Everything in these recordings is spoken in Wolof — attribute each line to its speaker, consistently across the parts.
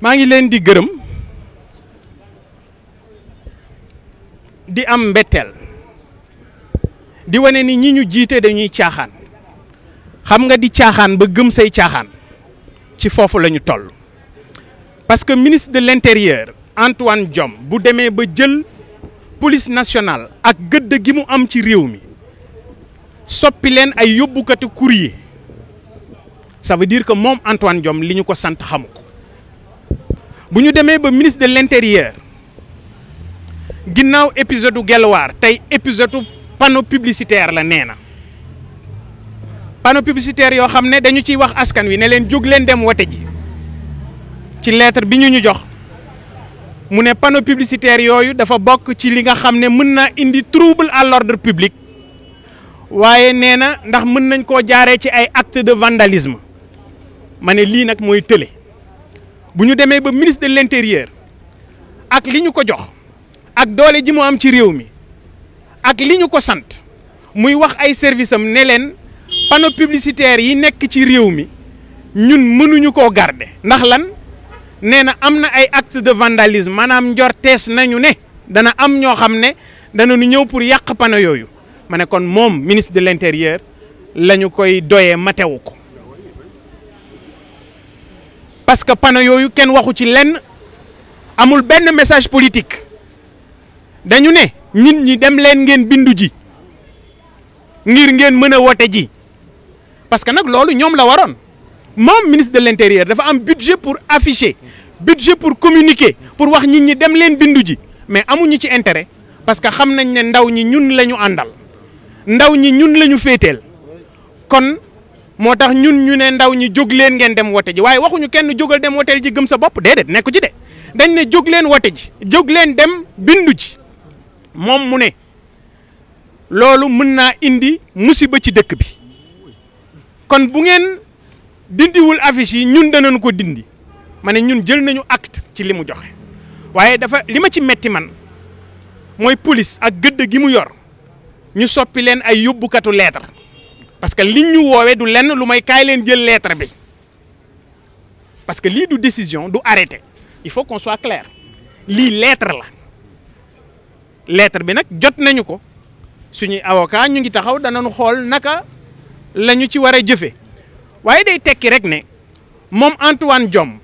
Speaker 1: maa ngi leen di gërëm di am mbetteel di wane ni ñi ñu jiite dañuy caaxaan xam nga di caaxaan ba gëm say caaxaan ci foofu la ñu toll parce que ministre de l'intérieur Antoine Diome bu demee ba jël police national ak gëdd gi mu am ci réew mi soppi leen ay yóbbukati courrier ça veut dire que moom Antoine Diome li ñu ko sant xamu ko bu ñu demee ba ministre de l'intérieur ginnaaw épisode du Gelwaar tey épisode panneau publicitaire la nee na panneau publicitaire yoo xam ne dañu ciy wax askan wi ne leen jóg leen dem wote ji ci lettre bi ñu ñu jox mu ne panneau publicitaire yooyu dafa bokk ci li nga xam ne mën naa indi trouble à l'ordre public waaye nee na ndax mën nañ koo jaaree ci ay acte de vandalisme ma ne lii nag mooy tële bu ñu demee ba ministre de l'intérieur ak li ñu ko jox ak doole ji mu am ci réew mi ak li ñu ko sant muy wax ay service am ne leen panneau publicitaire yi nekk ci réew mi ñun mënuñu koo garde ndax lan nee na am na ay acte de vandalisme maanaam tees nañu ne dana am ñoo xam ne dana nu ñëw pour yàq panneau yooyu ma ne kon moom ministre de l'intérieur la ñu koy doyee matewu ko parce que panneau yooyu kenn waxu ci lenn amul benn message politique dañu ne nit ñi dem leen ngeen bindu ji ngir ngeen mën a wote ji parce que nag loolu ñoom la waroon moom ministre de l'intérieur dafa am budget pour afficher budget pour communiquer pour wax nit ñi dem leen bindu ji mais amuñu ci intérêt parce que xam nañ ne ndaw ñi ñun lañu àndal ndaw ñi ñun la ñu féeteel moo tax ñun ñu ne ndaw ñi jóg leen ngeen dem wote ji waaye waxuñu kenn jógal dem wote ji gëm sa bopp déedéet nekku ci de dañ ne jógleen leen wote ji jóg leen dem bindu ji moom mu ne loolu mën naa indi musiba ci dëkk bi kon bu ngeen dindiwul affiche yi ñun danañ ko dindi ma ne ñun jël nañu acte ci li mu joxe waaye dafa li ma ci metti man mooy police ak gëdd gi mu yor ñu soppi leen ay yóbbukatu lettre parce que liñ ñu woowee du lenn lu may kaay leen jël lettre bi parce que lii du décision du arrêté il faut qu'on soit clair lii lettre la lettre bi nag jot nañu ko suñuy avocat ñu ngi taxaw danañu xool naka la ñu ci war a jëfe waaye day tekki rek ne moom Antoine Diome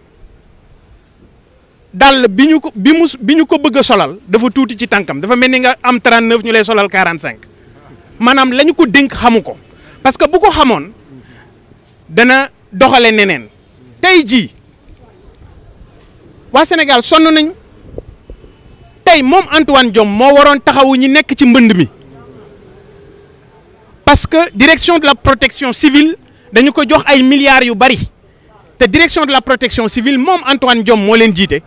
Speaker 1: dàll bi ñu ko bi mu bi ñu ko bëgg a solal dafa tuuti ci tànkam dafa mel ni nga am 39 ñu lay solal 45 maanaam la ñu ko dénk xamu ko parce que bu ko xamoon dana doxale neneen tey jii waa Sénégal sonn nañu tey moom Antoine Diome moo waroon taxawu ñi nekk ci mbënd mi parce que direction de la protection civile dañu ko jox ay milliards yu bari te direction de la protection civile moom Antoine Diome moo leen jiite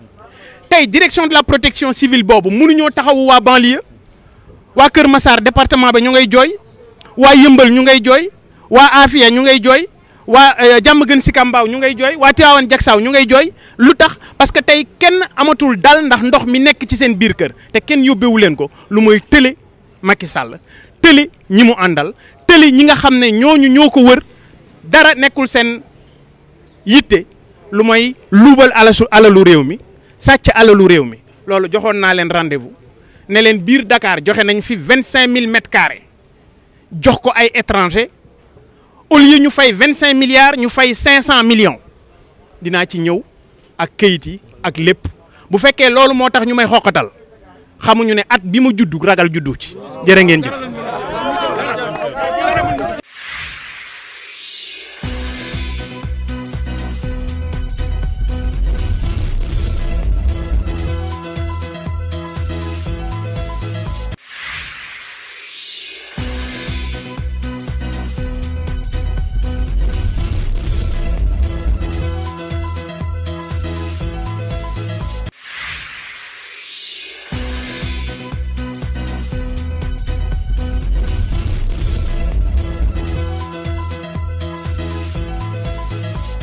Speaker 1: tey direction de la protection civile boobu mënuñoo taxawu waa banlieue waa Kër Massar département bi ñu ngay jooy waa yëmbal ñu ngay jooy waa Afia ñu ngay jooy waa euh, jàmm gën si ñu ngay jooy waa Tiwaawan jagsaaw ñu ngay jooy lu tax parce que tey kenn amatul dal ndax ndox mi nekk ci seen biir kër te kenn yóbbewu leen ko lu mooy tële Macky sàll tële ñi mu àndal tële ñi nga xam ne ñooñu ñoo ko wër dara nekkul seen yitte lu mooy luubal alasu alalu réew mi sàcc alalu réew mi loolu joxoon naa leen rendez-vous ne leen biir dakaar joxe nañ fi vingt cinq mille mètres jox ko ay étranger au ñu fay vingt cinq milliards ñu fay cinq cent millions dinaa ci ñëw ak kayit yi ak lépp bu fekkee loolu moo tax ñu may xoqatal xamuñu ne at bi ma juddu ragal juddu ci jërë ngeen jëf.